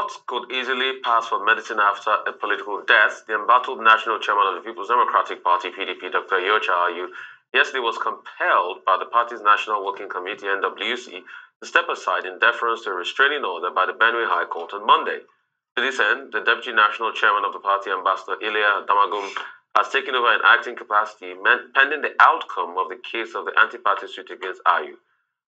What could easily pass for medicine after a political death? The embattled national chairman of the People's Democratic Party, PDP, Dr. Yocha Ayu, yesterday was compelled by the party's National Working Committee, NWC, to step aside in deference to a restraining order by the Benue High Court on Monday. To this end, the deputy national chairman of the party, Ambassador Ilya Damagum, has taken over in acting capacity pending the outcome of the case of the anti-party suit against Ayu.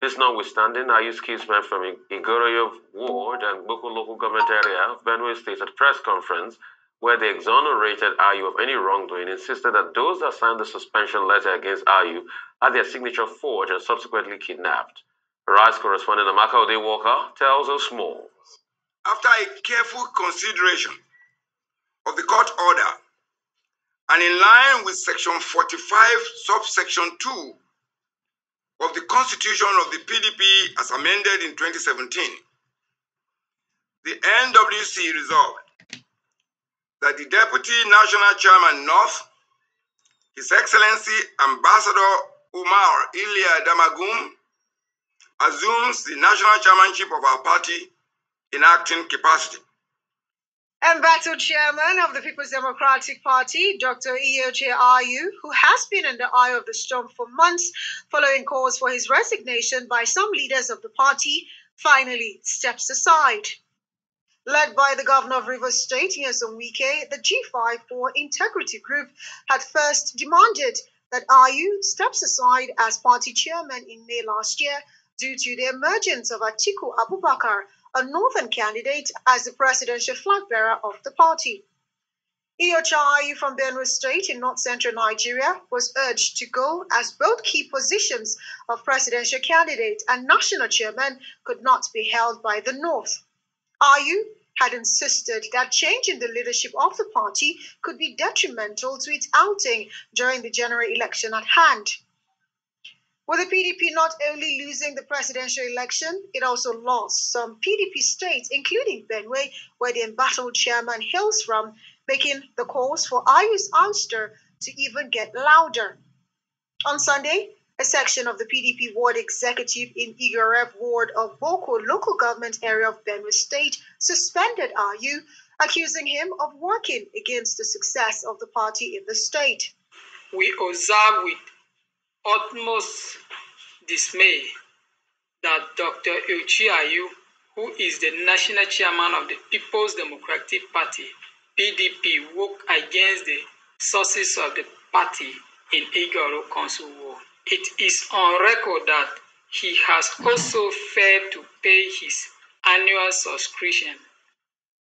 This notwithstanding, I use Kisman from Igoroyev Ward and Boko local government area of Benue State at press conference where they exonerated IU of any wrongdoing, insisted that those that signed the suspension letter against IU had their signature forged and subsequently kidnapped. Rice correspondent Amaka Ode Walker tells us more. After a careful consideration of the court order and in line with section 45, subsection 2 of the Constitution of the PDP as amended in 2017, the NWC resolved that the Deputy National Chairman North, His Excellency Ambassador Umar Ilya Damagum, assumes the national chairmanship of our party in acting capacity. Embattled chairman of the People's Democratic Party, Dr. Iyoche Ayu, who has been in the eye of the storm for months following calls for his resignation by some leaders of the party, finally steps aside. Led by the governor of Rivers State, Nyesom Wike, the G5 for Integrity Group had first demanded that Ayu steps aside as party chairman in May last year due to the emergence of Atiku Abubakar a northern candidate as the presidential flag bearer of the party. Iyochai from Benue State in north central Nigeria was urged to go as both key positions of presidential candidate and national chairman could not be held by the North. Ayu had insisted that changing the leadership of the party could be detrimental to its outing during the general election at hand. With the PDP not only losing the presidential election, it also lost some PDP states, including Benue, where the embattled chairman hails from, making the calls for Ayu's ouster to even get louder. On Sunday, a section of the PDP ward executive in Igarev ward of Boko local government area of Benue State suspended Ayu, accusing him of working against the success of the party in the state. We observe with utmost dismay that Dr. Euchi Ayu, who is the national chairman of the People's Democratic Party, PDP, worked against the sources of the party in Igoro Council War. It is on record that he has also failed to pay his annual subscription.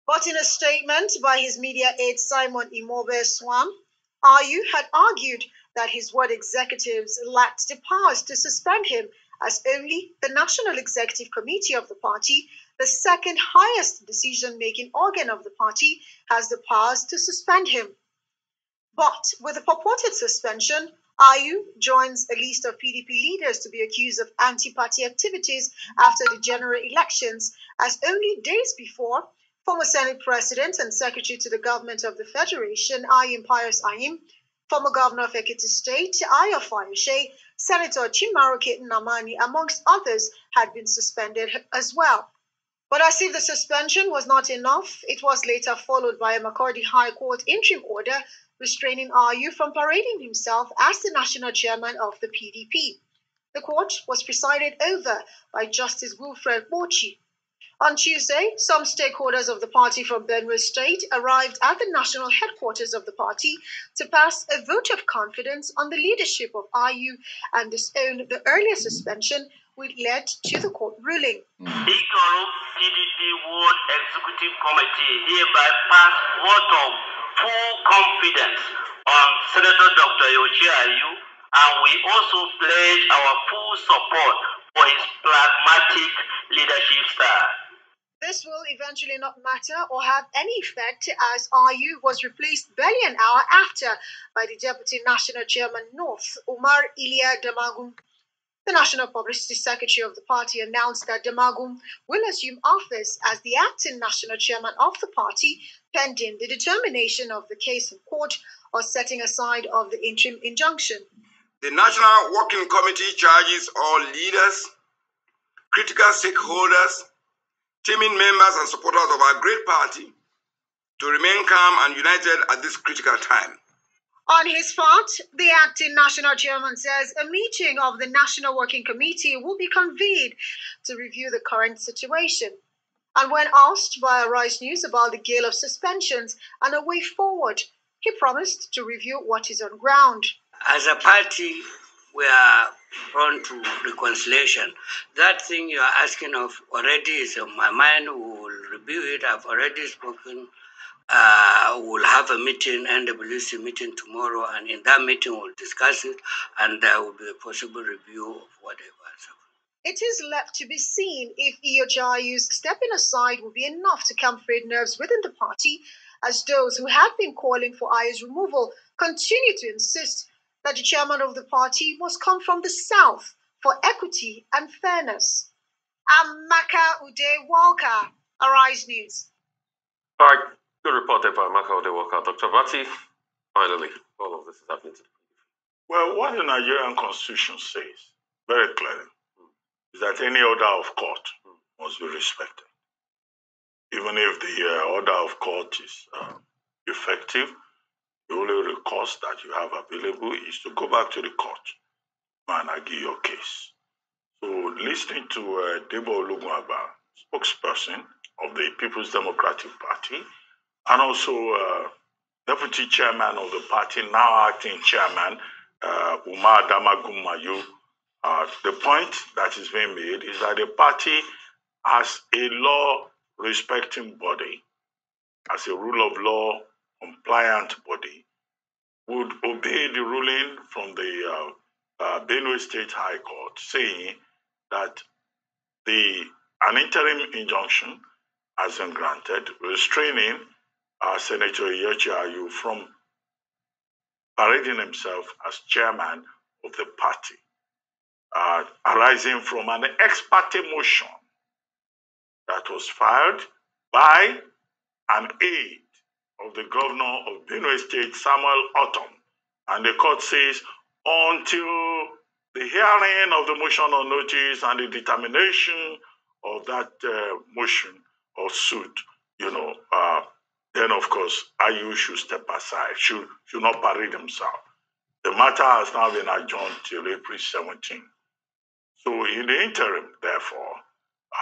But in a statement by his media aide Simon Imobe Swam, Ayu had argued that his ward executives lacked the powers to suspend him, as only the National Executive Committee of the party, the second highest decision making organ of the party, has the powers to suspend him. But with the purported suspension, IU joins a list of PDP leaders to be accused of anti party activities after the general elections, as only days before, former Senate President and Secretary to the Government of the Federation, Ayim Pius Ayim, former governor of Ekiti State, Ayafan Senator Chimaroke Namani, amongst others, had been suspended as well. But as if the suspension was not enough, it was later followed by a McCarty High Court interim order restraining RU from parading himself as the national chairman of the PDP. The court was presided over by Justice Wilfred Mochi. On Tuesday, some stakeholders of the party from Benue State arrived at the national headquarters of the party to pass a vote of confidence on the leadership of IU and disown the earlier suspension which led to the court ruling. Mm. Igoro PDP World Executive Committee hereby pass vote of full confidence on Senator Dr. Yoshi Ayu, and we also pledge our full support for his pragmatic leadership style this will eventually not matter or have any effect as RU was replaced barely an hour after by the Deputy National Chairman North, Umar Ilya Damagum. The National Publicity Secretary of the party announced that Damagum will assume office as the acting national chairman of the party pending the determination of the case in court or setting aside of the interim injunction. The National Working Committee charges all leaders, critical stakeholders, teaming members and supporters of our great party to remain calm and united at this critical time. On his part, the acting national chairman says a meeting of the National Working Committee will be convened to review the current situation. And when asked by Rice News about the gale of suspensions and a way forward, he promised to review what is on ground. As a party, we are prone to reconciliation. That thing you are asking of already is on uh, my mind. We will review it. I've already spoken. Uh, we'll have a meeting, NWC meeting tomorrow, and in that meeting we'll discuss it, and there will be a possible review of whatever It is left to be seen if EOJIU's stepping aside will be enough to calm frayed nerves within the party, as those who have been calling for IU's removal continue to insist that the chairman of the party must come from the South for equity and fairness. Amaka Ude Walker, Arise News. All right, good report there by Amaka Ude Walker. Dr. Bati, finally, all of this is happening to Well, what the Nigerian constitution says very clearly is that any order of court must be respected. Even if the uh, order of court is uh, effective, the only recourse that you have available is to go back to the court and argue your case. So, listening to uh, Debo spokesperson of the People's Democratic Party, and also uh, deputy chairman of the party, now acting chairman, uh, Umar Damagumayu, uh, the point that is being made is that the party, as a law respecting body, as a rule of law compliant body would obey the ruling from the uh, uh, Benue State High Court saying that the an interim injunction has been granted restraining uh, Senator Yochi Ayu from parading himself as chairman of the party, uh, arising from an ex parte motion that was filed by an aide of the governor of Benue State, Samuel Autumn. And the court says, until the hearing of the motion on notice and the determination of that uh, motion or suit, you know, uh, then of course, IU should step aside, should, should not parade himself. The matter has now been adjourned till April 17. So, in the interim, therefore,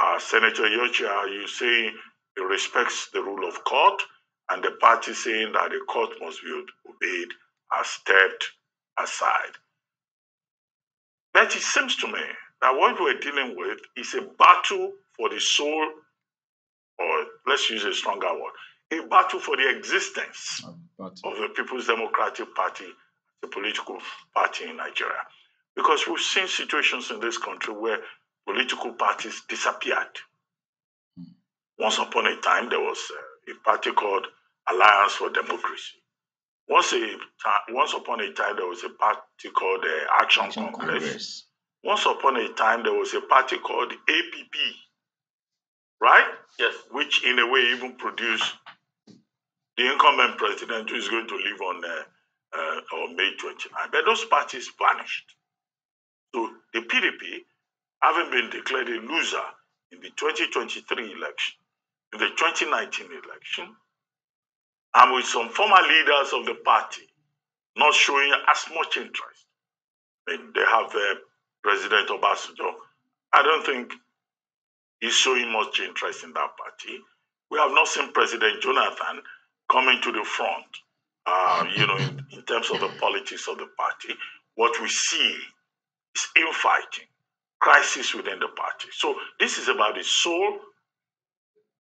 uh, Senator Yochia, you say he respects the rule of court and the party saying that the court must be obeyed has stepped aside. But it seems to me that what we're dealing with is a battle for the soul, or let's use a stronger word, a battle for the existence of the People's Democratic Party, the political party in Nigeria. Because we've seen situations in this country where political parties disappeared. Hmm. Once upon a time, there was uh, a party called Alliance for Democracy. Once, a, once upon a time, there was a party called uh, Action, Action Congress. Congress. Once upon a time, there was a party called APP, right? Yes. Which, in a way, even produced the incumbent president who is going to leave on uh, uh, on May 29. But those parties vanished. So the PDP, having been declared a loser in the 2023 election, in the 2019 election and with some former leaders of the party not showing as much interest. I mean, they have uh, President Obasanjo. I don't think he's showing much interest in that party. We have not seen President Jonathan coming to the front, uh, you know, in, in terms of the politics of the party. What we see is infighting, crisis within the party. So this is about the soul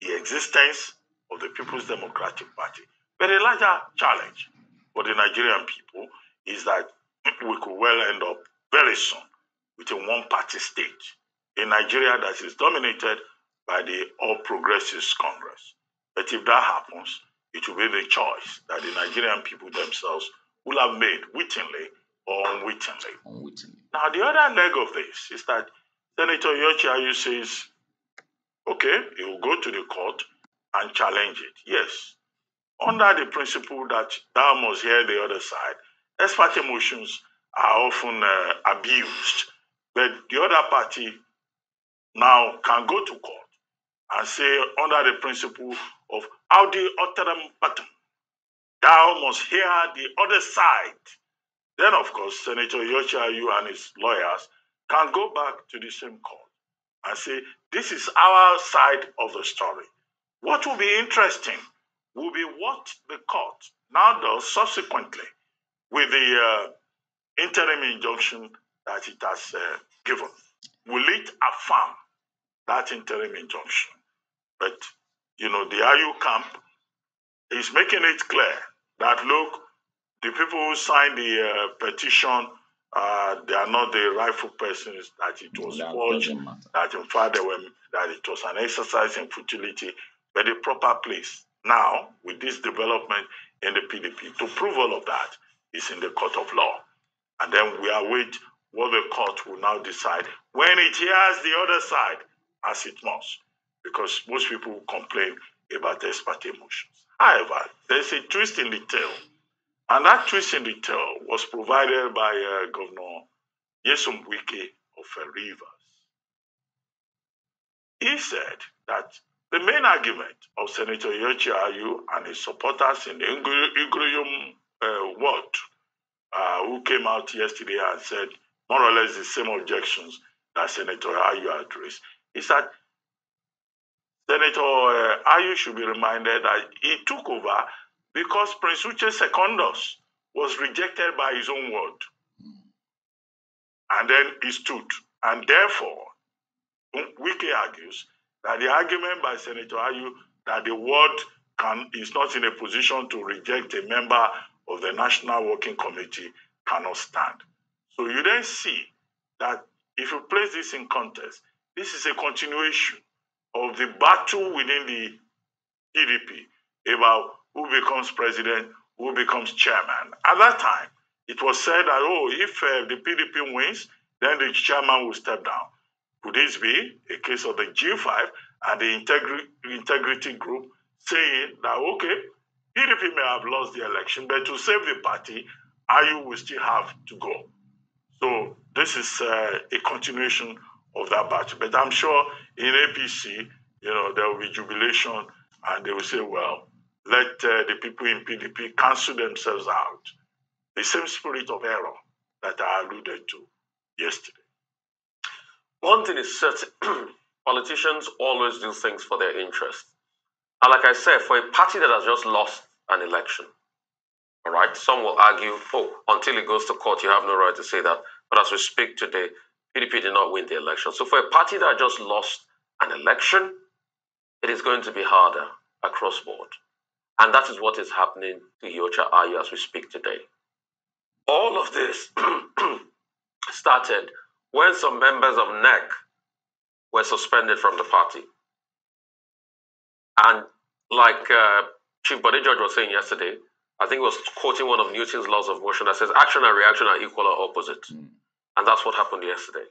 the existence of the People's Democratic Party. But a larger challenge for the Nigerian people is that we could well end up very soon with a one party state in Nigeria that is dominated by the All Progressives Congress. But if that happens, it will be the choice that the Nigerian people themselves will have made wittingly or unwittingly. unwittingly. Now, the other leg of this is that Senator Yochi Ayu says Okay, he will go to the court and challenge it. Yes. Under the principle that thou must hear the other side, ex parte motions are often uh, abused. But the other party now can go to court and say, under the principle of audi alteram patum, thou must hear the other side. Then, of course, Senator Yocha you and his lawyers can go back to the same court and say, this is our side of the story. What will be interesting will be what the court now does subsequently with the uh, interim injunction that it has uh, given. Will it affirm that interim injunction? But, you know, the IU camp is making it clear that, look, the people who signed the uh, petition uh, they are not the rightful persons that it was that forged, that in fact they were, that it was an exercise in futility, but the proper place now with this development in the PDP to prove all of that is in the court of law. And then we await what the court will now decide when it hears the other side, as it must, because most people complain about ex parte motions. However, there's a twist in the tale and that twist in detail was provided by uh, Governor Yesum of uh, Rivers. He said that the main argument of Senator Yochi Ayu and his supporters in the Igrium uh, world, uh, who came out yesterday and said more or less the same objections that Senator Ayu addressed, is that Senator uh, Ayu should be reminded that he took over because Prince Uche Secondus was rejected by his own word. And then he stood. And therefore, Wiki argues that the argument by Senator Ayu that the word can, is not in a position to reject a member of the National Working Committee cannot stand. So you then see that if you place this in context, this is a continuation of the battle within the PDP about who becomes president, who becomes chairman. At that time, it was said that, oh, if uh, the PDP wins, then the chairman will step down. Could this be a case of the G5 and the integri- integrity group saying that, okay, PDP may have lost the election, but to save the party, IU will still have to go. So this is uh, a continuation of that battle. But I'm sure in APC, you know, there will be jubilation and they will say, well, let uh, the people in PDP cancel themselves out. The same spirit of error that I alluded to yesterday. One thing is certain politicians always do things for their interest. And like I said, for a party that has just lost an election, all right, some will argue, oh, until it goes to court, you have no right to say that. But as we speak today, PDP did not win the election. So for a party that just lost an election, it is going to be harder across board. And that is what is happening to Yocha Ayu as we speak today. All of this started when some members of NEC were suspended from the party. And like uh, Chief Body Judge was saying yesterday, I think he was quoting one of Newton's laws of motion that says action and reaction are equal or opposite. Mm. And that's what happened yesterday.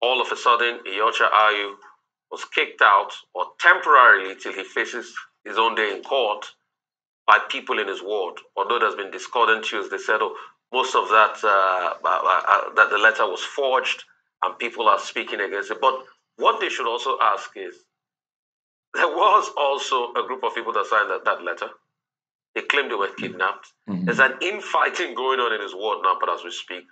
All of a sudden, Yocha Ayu was kicked out or temporarily till he faces his own day in court by people in his ward. Although there's been discordant issues, they said oh, most of that uh, uh, uh, that the letter was forged, and people are speaking against it. But what they should also ask is, there was also a group of people that signed that, that letter. They claimed they were kidnapped. Mm-hmm. There's an infighting going on in his ward now, but as we speak.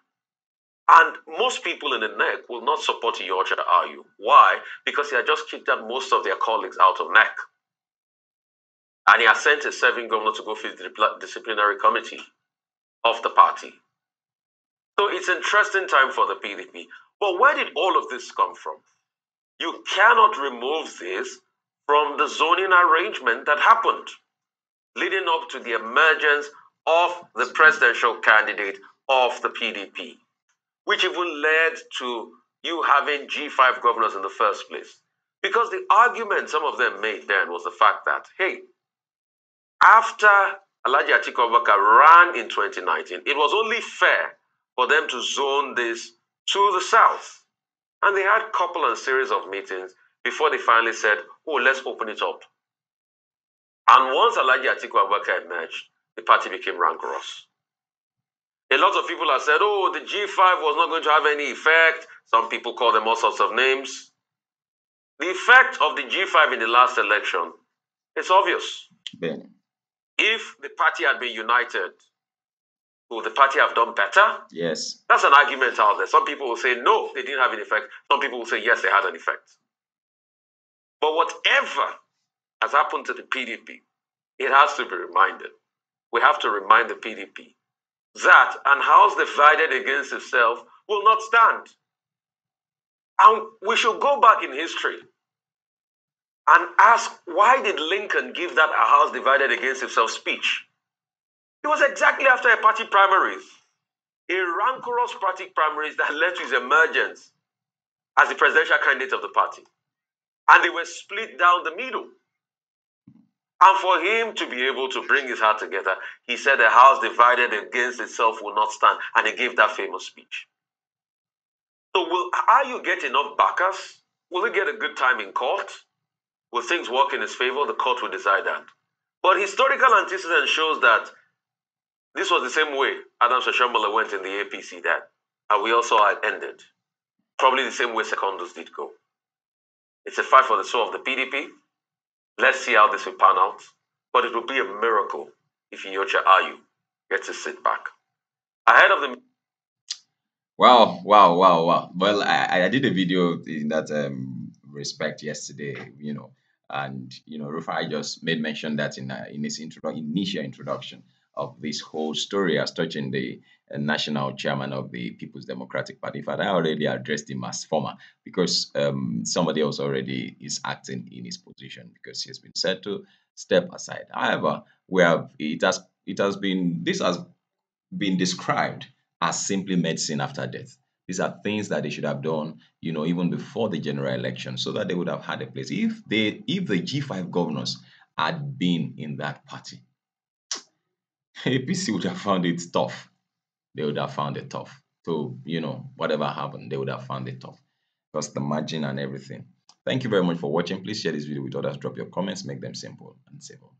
And most people in the neck will not support Georgia, are you? Why? Because they have just kicked out most of their colleagues out of neck and he has sent a serving governor to go face the disciplinary committee of the party. So it's interesting time for the PDP. But where did all of this come from? You cannot remove this from the zoning arrangement that happened leading up to the emergence of the presidential candidate of the PDP, which even led to you having G5 governors in the first place. Because the argument some of them made then was the fact that, hey, after Alaji Atiku Abubakar ran in 2019, it was only fair for them to zone this to the south. And they had couple and series of meetings before they finally said, oh, let's open it up. And once Alaji Atiku Abubakar emerged, the party became rancorous. A lot of people have said, oh, the G5 was not going to have any effect. Some people call them all sorts of names. The effect of the G5 in the last election is obvious if the party had been united, would the party have done better? Yes. That's an argument out there. Some people will say, no, they didn't have an effect. Some people will say, yes, they had an effect. But whatever has happened to the PDP, it has to be reminded. We have to remind the PDP that an house divided against itself will not stand. And we should go back in history and ask, why did Lincoln give that a house divided against itself speech? It was exactly after a party primaries, a rancorous party primaries that led to his emergence as the presidential candidate of the party. And they were split down the middle. And for him to be able to bring his heart together, he said, A house divided against itself will not stand. And he gave that famous speech. So, will, are you getting enough backers? Will you get a good time in court? Will things work in his favor? The court will decide that. But historical antecedent shows that this was the same way Adam Shashambala went in the APC that, and we also had ended. Probably the same way Secondos did go. It's a fight for the soul of the PDP. Let's see how this will pan out. But it will be a miracle if Yocha Ayu gets to sit back. Ahead of the Wow, wow, wow, wow. Well, I, I did a video in that um, respect yesterday, you know, and you know, Rufai just made mention that in uh, in his intro- initial introduction of this whole story as touching the uh, national chairman of the People's Democratic Party. In fact, I already addressed him as former because um, somebody else already is acting in his position because he has been said to step aside. However, we have it has it has been this has been described as simply medicine after death. These are things that they should have done, you know, even before the general election, so that they would have had a place. If they, if the G5 governors had been in that party, APC would have found it tough. They would have found it tough. So, you know, whatever happened, they would have found it tough. because the margin and everything. Thank you very much for watching. Please share this video with others. Drop your comments, make them simple and civil.